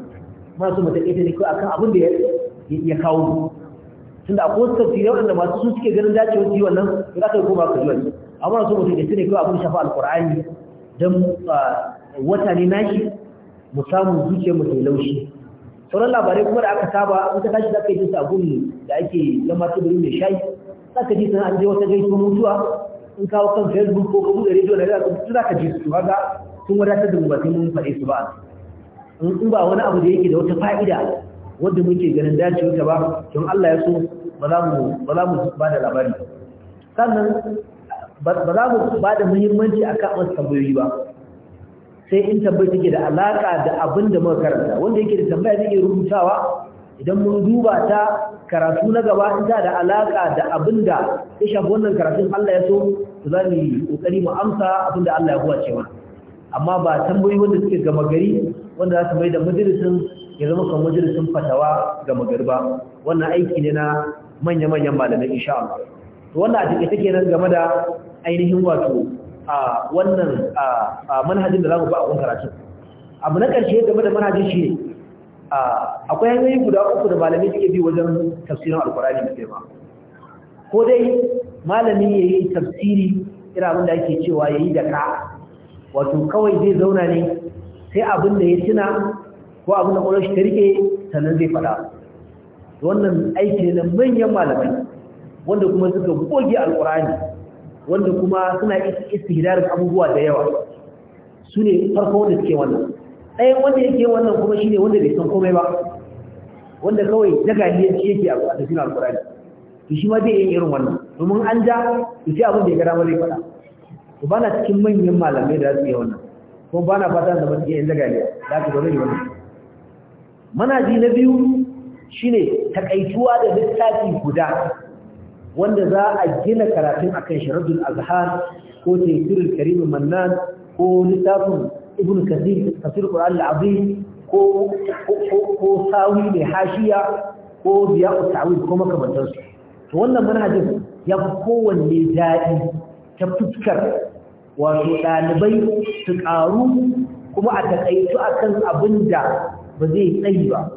ma su mata ita ne akan abin da ya kawo tunda akwai wasu tafsirai waɗanda masu su suke ganin dacewar ji wannan to za yi koma ka ji wani amma su mutum da ne ko abin shafa alƙur'ani don wata ne nashi mu samu zuciya mu tai laushi sauran labarai kuma da aka saba wata tashi za ka yi jinsa a gumi da ake zama ta mai shayi za ka ji sana an je wata gaisuwa mutuwa in kawo kan facebook ko kuma da rediyo na rediyo su za ka ji su haka sun wadatar da mu ba sai mun faɗe su ba in ba wani abu da yake da wata fa'ida wanda muke ganin dacewa ta ba don Allah ya so ba za mu ba da labari sannan ba za mu ba da muhimmanci a kan wasu tambayoyi ba sai in tambayi take da alaƙa da abin da muka karanta wanda yake da tambaya zai iya rubutawa idan mun duba ta karatu na gaba in ta da alaƙa da abin da ya shafi wannan karatun Allah ya so to za mu yi ƙoƙari mu amsa abin da Allah ya huwace cewa amma ba tambayi wanda suke gama gari wanda za su mai da majalisin ya zama kan majalisin fatawa gama gari ba wannan aiki ne na manya-manyan malamai insha Allah to wannan a take take nan game da ainihin wato a wannan manhajin da za mu ba a kun karatu abu na ƙarshe game da manhajin shi ne akwai hanyoyi guda uku da malami suke bi wajen tafsirin alkurani da girma ko dai malami ya yi tafsiri ira abin da ake cewa ya yi da ka wato kawai zai zauna ne sai abin da ya tuna ko abin da ƙwararshi ta rike sannan zai faɗa wannan aiki ne na manyan malamai wanda kuma suka goge alkurani wanda kuma suna istihdarin abubuwa da yawa su ne farko wanda suke wannan ɗayan wanda yake wannan kuma shi ne wanda bai san komai ba wanda kawai jagaliyanci yake a na alkurani to shi ma zai yin irin wannan domin an ja to sai abin da ya gara ma zai faɗa to ba na cikin manyan malamai da za su yi wannan kuma ba na fata da masu yin jagaliya za su zama yi wannan manaji na biyu shine takaituwa da littafi guda wanda za a gina karatun akan sharadul azhar ko tafsirul karim mannan ko littafin ibn kathir tafsir qur'an al-azim ko ko sawi ne hashiya ko biya ta'wil ko makamantar su to wannan manhajin ya fi kowanne daɗi ta fuskar wato ɗalibai su ƙaru kuma a taƙaitu akan abin da ba zai tsayi ba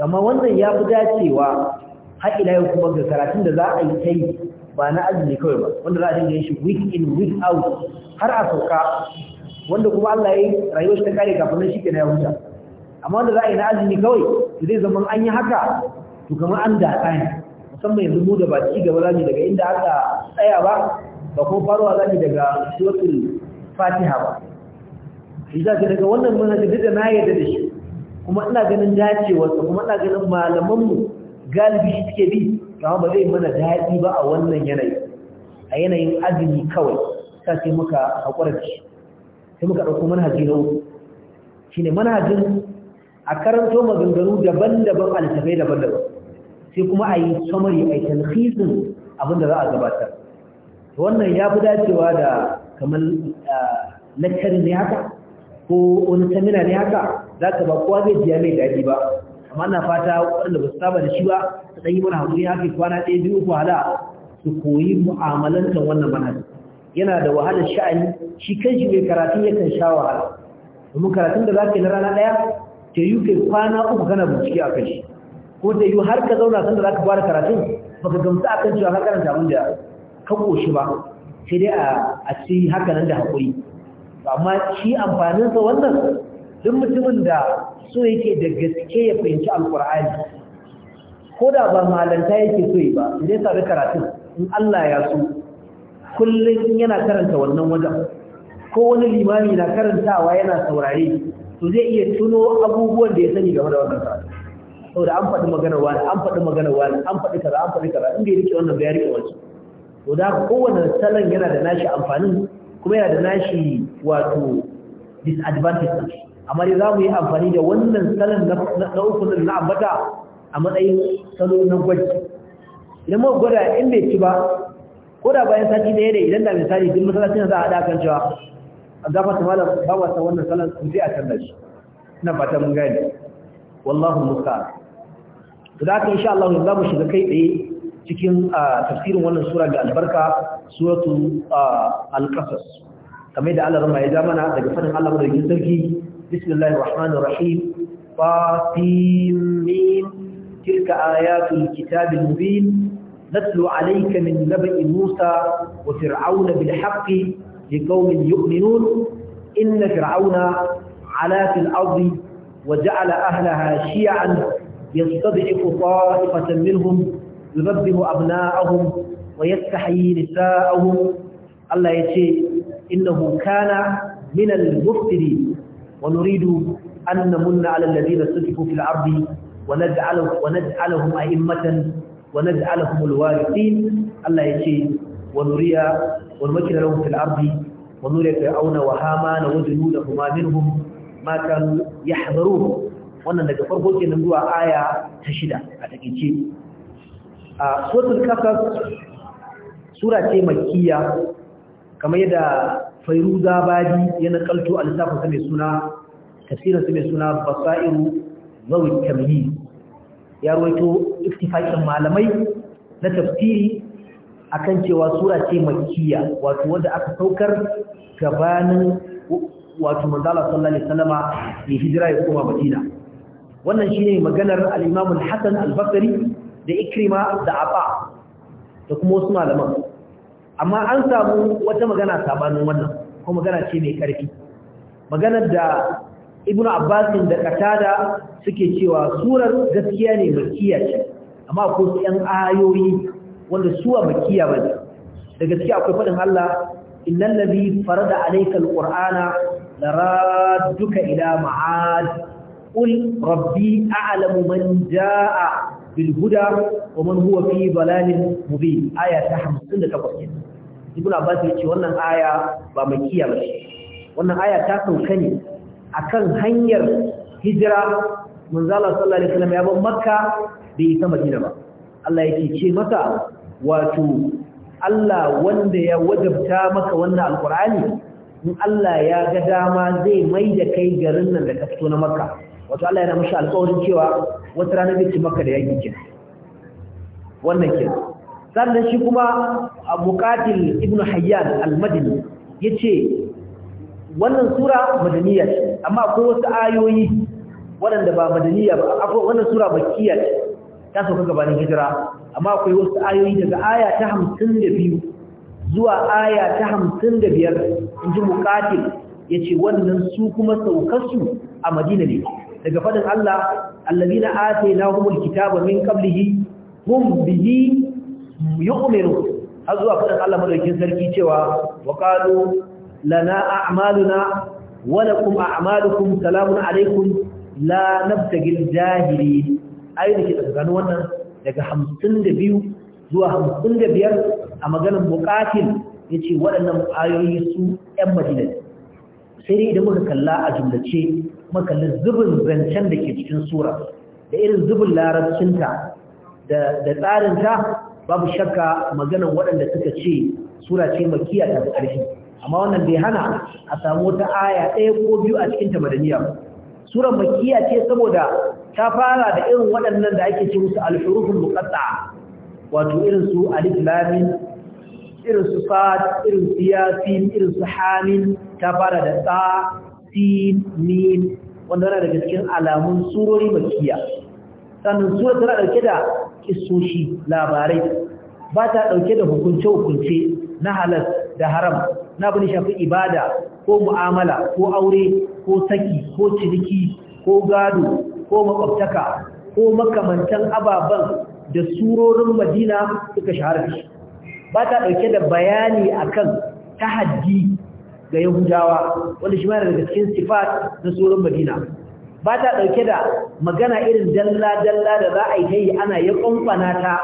amma wannan ya fi dacewa har ila yau kuma ga karatun da za a yi kai ba na azumi kawai ba wanda za a dinga yin shi week in week out har a sauka wanda kuma Allah ya yi rayuwar ta kare kafin shi ke na ya huta amma wanda za a yi na azumi kawai to zai zama an yi haka to kamar an da tsaya musamman yanzu mu da ba ci gaba zamu daga inda aka tsaya ba ba ko faruwa zamu daga suratul fatiha ba shi za ka daga wannan manhajin da na yarda da shi kuma ina ganin dacewarsa kuma ina ganin malaman mu. galibi shi suke bi kamar ba zai mana daɗi ba a wannan yanayi a yanayin azumi kawai ta sai muka haƙura da shi sai muka ɗauko manhaji na uku shi ne manhajin a karanto maganganu daban-daban a daban-daban sai kuma a yi samari a yi abin da za a gabatar wannan ya fi dacewa da kamar lakcari ne haka ko wani samina ne haka za ka ba kowa zai jiya mai daɗi ba amma na fata wanda ba su saba da shi ba su ɗan yi mana haƙuri haka kwana ɗaya biyu ko hala su koyi mu'amalantar wannan manhaji yana da wahalar sha'ani shi kanshi mai karatun yakan sha wahala domin karatun da za ka yi na rana ɗaya ta yi kai kwana uku kana bincike a kai shi ko ta yi har ka zauna sanda za ka fara karatun ba ka gamsu a kan cewa ka karanta abin da ka ƙoshi ba sai dai a hakanan haka nan da haƙuri amma shi amfaninsa wannan duk mutumin da so yake da gaske ya fahimci alkur'ani ko da ba malanta yake so yi ba zai sami karatu in Allah ya so kullum yana karanta wannan wajen ko wani limami na karantawa yana saurare to zai iya tuno abubuwan da ya sani game da wannan karatu saboda an faɗi maganar wani an faɗi maganar wani an faɗi kaza an faɗi kaza in bai rike wannan bayan rike wancan to da kowane salon yana da nashi amfanin kuma yana da nashi wato disadvantage amma dai za mu yi amfani da wannan salon na uku na ambata a matsayin salo na gwaji idan muka gwada in bai ci ba ko da bayan sati ɗaya da idan da misali duk masalacin da za a haɗa kan cewa a gafa ta malam ba wasa wannan salon sun sai a can da shi ina fata mun gani wallahu Musa. to da ka insha Allah yanzu za mu shiga kai tsaye cikin tafsirin wannan sura da albarka suratu al-qasas kamar da Allah ya ja mana daga fadin Allah madaukakin sarki بسم الله الرحمن الرحيم طاسمين تلك آيات الكتاب المبين نتلو عليك من نبأ موسى وفرعون بالحق لقوم يؤمنون إن فرعون علا في الأرض وجعل أهلها شيعا يستضعف طائفة منهم يذبه أبناءهم ويستحيي نساءهم الله يشيء إنه كان من المفسدين ونريد أن نمن على الذين صدقوا في الأرض ونجعله ونجعلهم أئمة ونجعلهم الوارثين الله يشي ونري ونمكن لهم في الأرض ونري فرعون وهامان وجنودهما منهم ما كانوا يحذرون wannan daga farko kenan zuwa aya ta shida a takeice a suratul kasas sura ce makkiya kamar yadda fairuza badi ya nakalto a littafinsa mai suna tafsirinsa mai suna basairu zawi tamhi ya rawaito iftifakin malamai na tafsiri akan cewa sura ce makkiya wato wanda aka saukar gabanin wato manzala sallallahu alaihi wasallama ya hijira ya koma madina wannan shine maganar al-imam al-hasan al-basri da ikrima da aba da kuma wasu malaman amma an samu wata magana sabanin wannan ko magana ce mai ƙarfi. maganar da ibnu abbasin da katada suke cewa surar gaskiya ne makiya ce amma ko yan ayoyi wanda suwa ba bane da gaskiya akwai faɗin Allah innal ladhi farada alayka alqur'ana raduka ila ma'ad qul rabbi a'lamu man ja'a بالهدى ومن هو في ضلال مبين آية تحم سنة تقوى ابن عباس ce wannan aya ba makiya ba wannan aya ta sauka ne akan hanyar hijira Manzala sallallahu alaihi wasallam ya bar Makka bai isa Madina ba Allah yake ce maka wato Allah wanda ya wajabta maka wannan alqur'ani in Allah ya ga dama zai mai da kai garin nan da ka fito na Makka wato Allah yana mashi alƙawarin cewa wata rana zai ci maka da yaki kin wannan kin sannan shi kuma Abu Qatil ibn Hayyan al-Madini yace wannan sura madaniya ce amma akwai wasu ayoyi waɗanda ba madaniya ba akwai wannan sura bakiya ce ta sauka gabanin hijira amma akwai wasu ayoyi daga aya ta 52 zuwa aya ta 55 inji Muqatil yace wannan su kuma saukar su a Madina ne daga faɗin Allah na na atainahumul kitaba min qablihi hum bihi yu'minu har zuwa faɗin Allah madaukin sarki cewa wa qalu lana a'maluna wa lakum a'malukum salamun alaikum la nabtagil jahili ayyuka tsakanin wannan daga 52 zuwa 55 a maganin maganar ya ce waɗannan ayoyi su 'yan madina sai dai idan muka kalla a jumlace kuma zubin zancen da ke cikin sura da irin zubin larabcinta da tsarinta babu shakka maganan waɗanda suka ce sura ce makiya ta ƙarfi amma wannan bai hana a samu wata aya ɗaya ko biyu a cikinta madaniya sura makiya ce saboda ta fara da irin waɗannan da ake ce musu alfurufin muqatta wato irin su alif lam irin su sad irin su yasin irin su hamin ta fara da ta sin min wanda yana daga cikin alamun surori makiya sannan sura tana ɗauke da kisoshi labarai ba ta ɗauke da hukunce-hukunce na halas da haram na bani shafi ibada ko mu'amala ko aure ko saki ko ciniki ko gado ko makwabtaka ko makamantan ababen da surorin madina suka shahara da shi ba ta ɗauke da bayani akan tahaddi ga yahudawa wanda shi ma daga cikin sifat na tsoron madina ba ta ɗauke da magana irin dalla-dalla da za a yi ta yi ana ya kunfana ta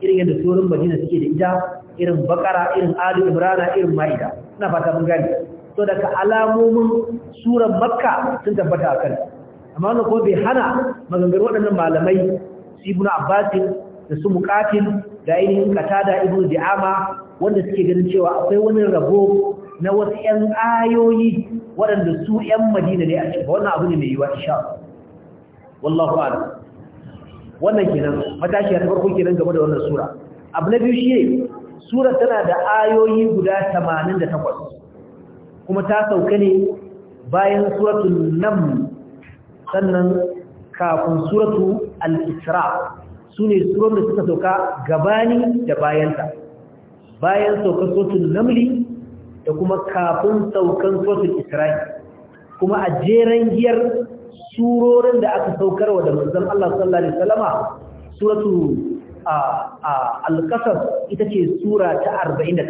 irin yadda tsoron madina suke da ita irin bakara irin Ali imrana irin ma'ida ina fata mun gani to daga alamomin suran makka sun tabbata a kan amma wannan kuma bai hana maganganun waɗannan malamai su Abbas da su muqatil da ainihin katada ibn di'ama wanda suke ganin cewa akwai wani rabo na wasu 'yan ayoyi waɗanda su 'yan madina ne a cikin wannan abu ne mai yiwa insha wallahu wannan kenan matashi ta farko kenan game da wannan sura abu na biyu ne sura tana da ayoyi guda 88 kuma ta sauka ne bayan suratul nam sannan kafin suratu al-isra sune suron da suka sauka gabani da bayanta bayan saukar suratul namli da kuma kafin saukan sosul isra'i kuma a jeren giyar surorin da aka saukar wa da manzon Allah sallallahu alaihi wasallama suratu al-qasas ita ce sura ta 49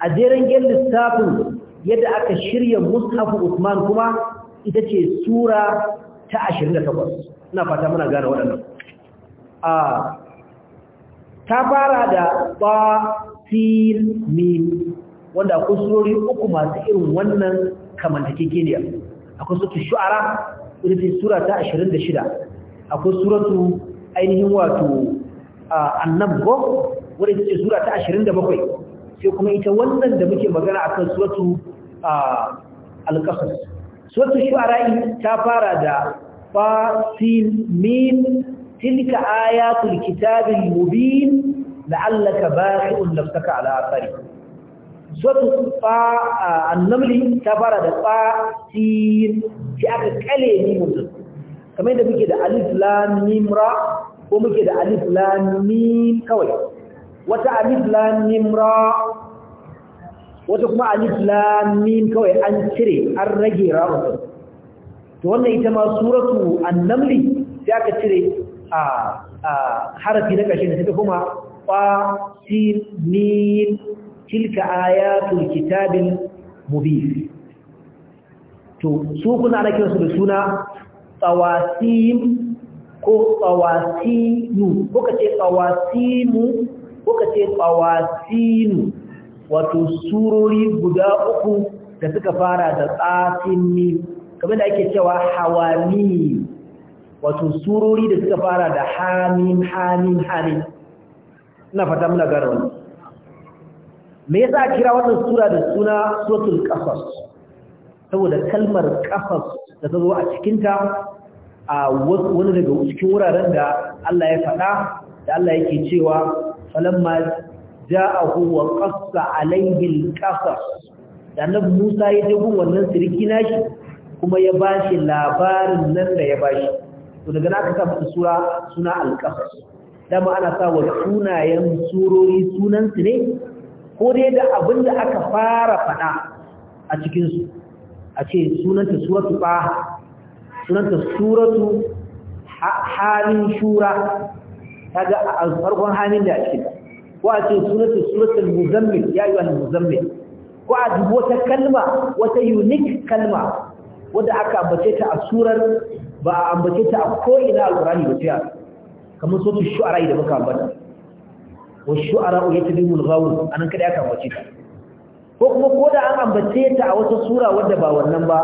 a jeren giyar lissafin yadda aka shirya Mustafa Usman kuma ita ce sura ta 28 ina fata muna gane waɗannan ta fara da ba fil min wanda akwai surori uku masu irin wannan kamantakekeniya akwai suratu shu'ara wadda ta sura ta 26 akwai suratu ainihin wato annabgo wadda ta sura ta 27 sai kuma ita wannan da muke magana a akan suratu alƙasar suratu shu'ara ta fara da fasil min tilka ayatul kitabil mubin la'allaka baqi'un nafsaka ala athari zotu a annamli ta fara da fa sin sai aka kale da su kamar yadda muke da alif ko muke da alif kawai wata alif wata kuma alif kawai an cire an rage ra'u to wannan ita ma suratu annamli shi aka cire a harafi na ƙarshe da suka kuma fa sin tilka ayatul kitabil mubin to su kuna ana kiransu da suna tsawasim ko tsawasinu ko kace ce ko ka ce tsawasinu wato surori guda uku da suka fara da tsafin tsasimi kamar da ake cewa hawami wato surori da suka fara da hamim hamim hamim ina fata muna gara wani me yasa kira wannan sura da suna suratul qasas saboda kalmar qasas da ta zo a cikin ta a wani daga cikin wuraren da Allah ya faɗa da Allah yake cewa falamma ja'ahu wa qassa alayhi al-qasas da nan Musa ya je gun wannan sirki nashi kuma ya bashi labarin nan da ya bashi to daga nan aka samu sura suna al dama ana sa wa sunayen surori sunan su ne ko dai da abin da aka fara fada a cikinsu a ce sunanta suratu ba sunanta suratu halin shura ta ga a farkon halin da ake ko a ce sunanta suratul muzammil ya yi wani muzammil ko a dubu wata kalma wata unique kalma wadda aka ambace ta a surar ba a ambace ta a ko'ina al'urani ba ta kamar sotu shu'ara da muka ambata wa shu'ara yatlimul ghawr anan aka ambace ta ko kuma ko da an ambace ta a wata sura wanda ba wannan ba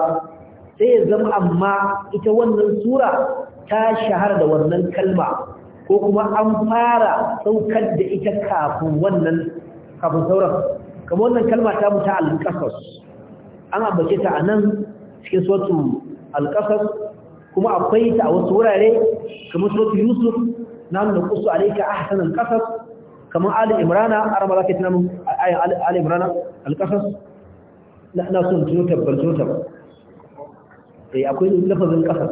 sai ya zama amma ita wannan sura ta shahara da wannan kalma ko kuma an fara saukar da ita kafin wannan kafin sauran kamar wannan kalma ta mutu alƙasas an ambace ta a nan cikin sautu alƙasas kuma akwai ta a wasu wurare kamar sautu yusuf na nuna kusa alaika ahsan alƙasas kamar ali imrana arama zaka tana mun ayan ali imrana alqasas na na sun tuno tabbar tuno eh akwai lafazin qasas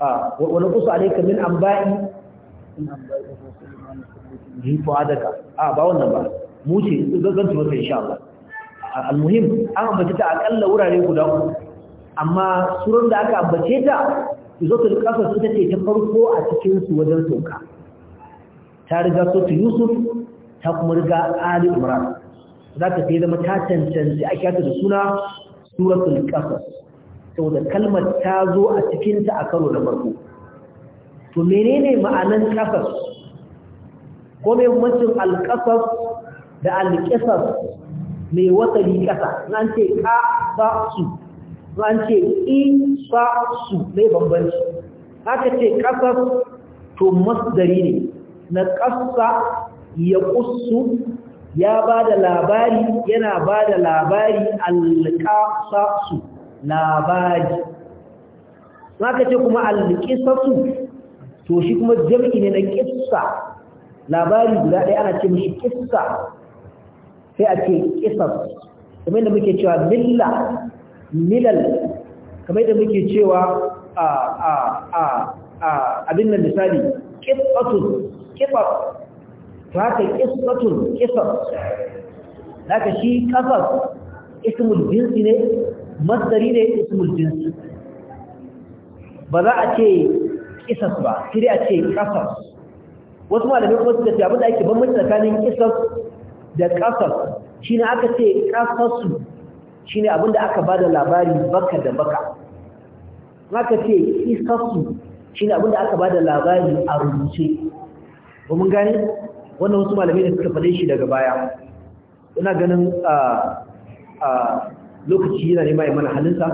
ah wa la qus an min anba'i ji fuadaka A ba wannan ba mu ce zan tuno sai insha Allah almuhim an ambace ta akalla wurare guda ku. amma surar da aka ambace ta zo ta qasas ita ce ta farko a cikinsu wajen sauka ta riga sotu yusuf ta kuma riga ali imran za ta fi zama ta cancanci ake kyata da suna suratul kasas saboda kalmar ta zo a cikinta a karo na farko to menene ma'anan ƙasar? ko mai mutum alƙasar da alkisas mai ƙasa? kasa an ce ka ba su an ce i ba su mai bambanci haka ce ƙasar to masdari ne na ƙasa ya ƙusu ya ba da labari yana ba da labari alƙasasu labari maka ce kuma alƙisasu to shi kuma jam'i ne na ƙisa labari guda ɗaya ana ce mashi ƙisa sai a ce ƙisas kamar da muke cewa milla milal kamar da muke cewa a abin nan misali ƙisatun kifar to haka kisatun kisar ka shi kafar ismul jinsi ne masdari ne ismul jinsi ba za a ce kisas ba sai a ce kasas wasu malamai kuma suka ce abin da ake bambanci tsakanin kisas da kasas ne aka ce kasasu ne abin da aka ba da labari baka da baka ka ce kisasu ne abin da aka ba da labari a rubuce ba mun gane wannan wasu malamai da suka fade shi daga baya ina ganin lokaci yana nema mana halinsa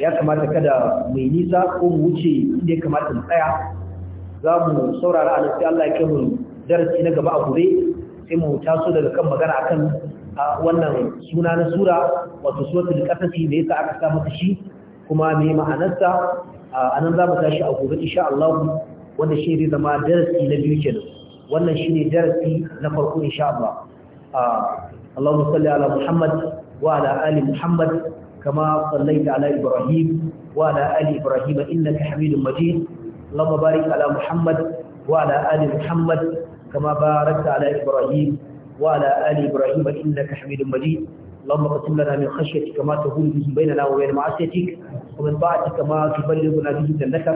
ya kamata kada mai nisa ko mu wuce inda ya kamata mu tsaya za mu saurara a nasi Allah ya kai mu darasi na gaba a gobe sai mu so daga kan magana akan wannan suna na sura wato da qasasi da yasa aka sa shi kuma mai ma'anarsa anan za mu tashi a gobe insha Allah wanda shi zai zama darasi na biyu kenan wannan shine darasi na farko insha Allah Allahumma salli ala Muhammad wa ala ali Muhammad kama sallaita ala Ibrahim wa ala ali Ibrahim innaka Hamidum Majid Allahumma barik ala Muhammad wa ala ali Muhammad kama barakta ala Ibrahim wa ala ali Ibrahim innaka Hamidum Majid اللهم اقسم لنا من خشيتك ما تهون به بيننا وبين معصيتك ومن طاعتك ما تبلغنا به جنتك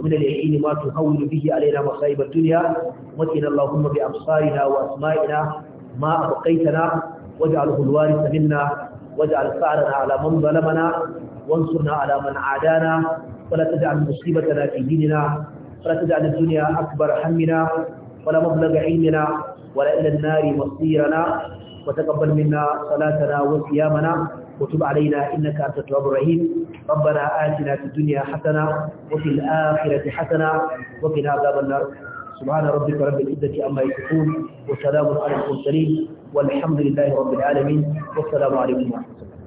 ومن اليقين ما تهون به علينا مصائب الدنيا ومتنا اللهم بأبصارنا وأسمائنا ما أبقيتنا واجعله الوارث منا واجعل ثأرنا على من ظلمنا وانصرنا على من عادانا ولا تجعل مصيبتنا في ديننا ولا تجعل الدنيا أكبر همنا ولا مبلغ علمنا ولا إلى النار مصيرنا وتقبل منا صلاتنا وصيامنا وتب علينا إنك أنت التواب الرحيم ربنا آتنا في الدنيا حسنة وفي الآخرة حسنة وقنا عذاب النار سبحان ربك رب العزة عما يصفون وسلام على المرسلين والحمد لله رب العالمين والسلام عليكم ورحمة الله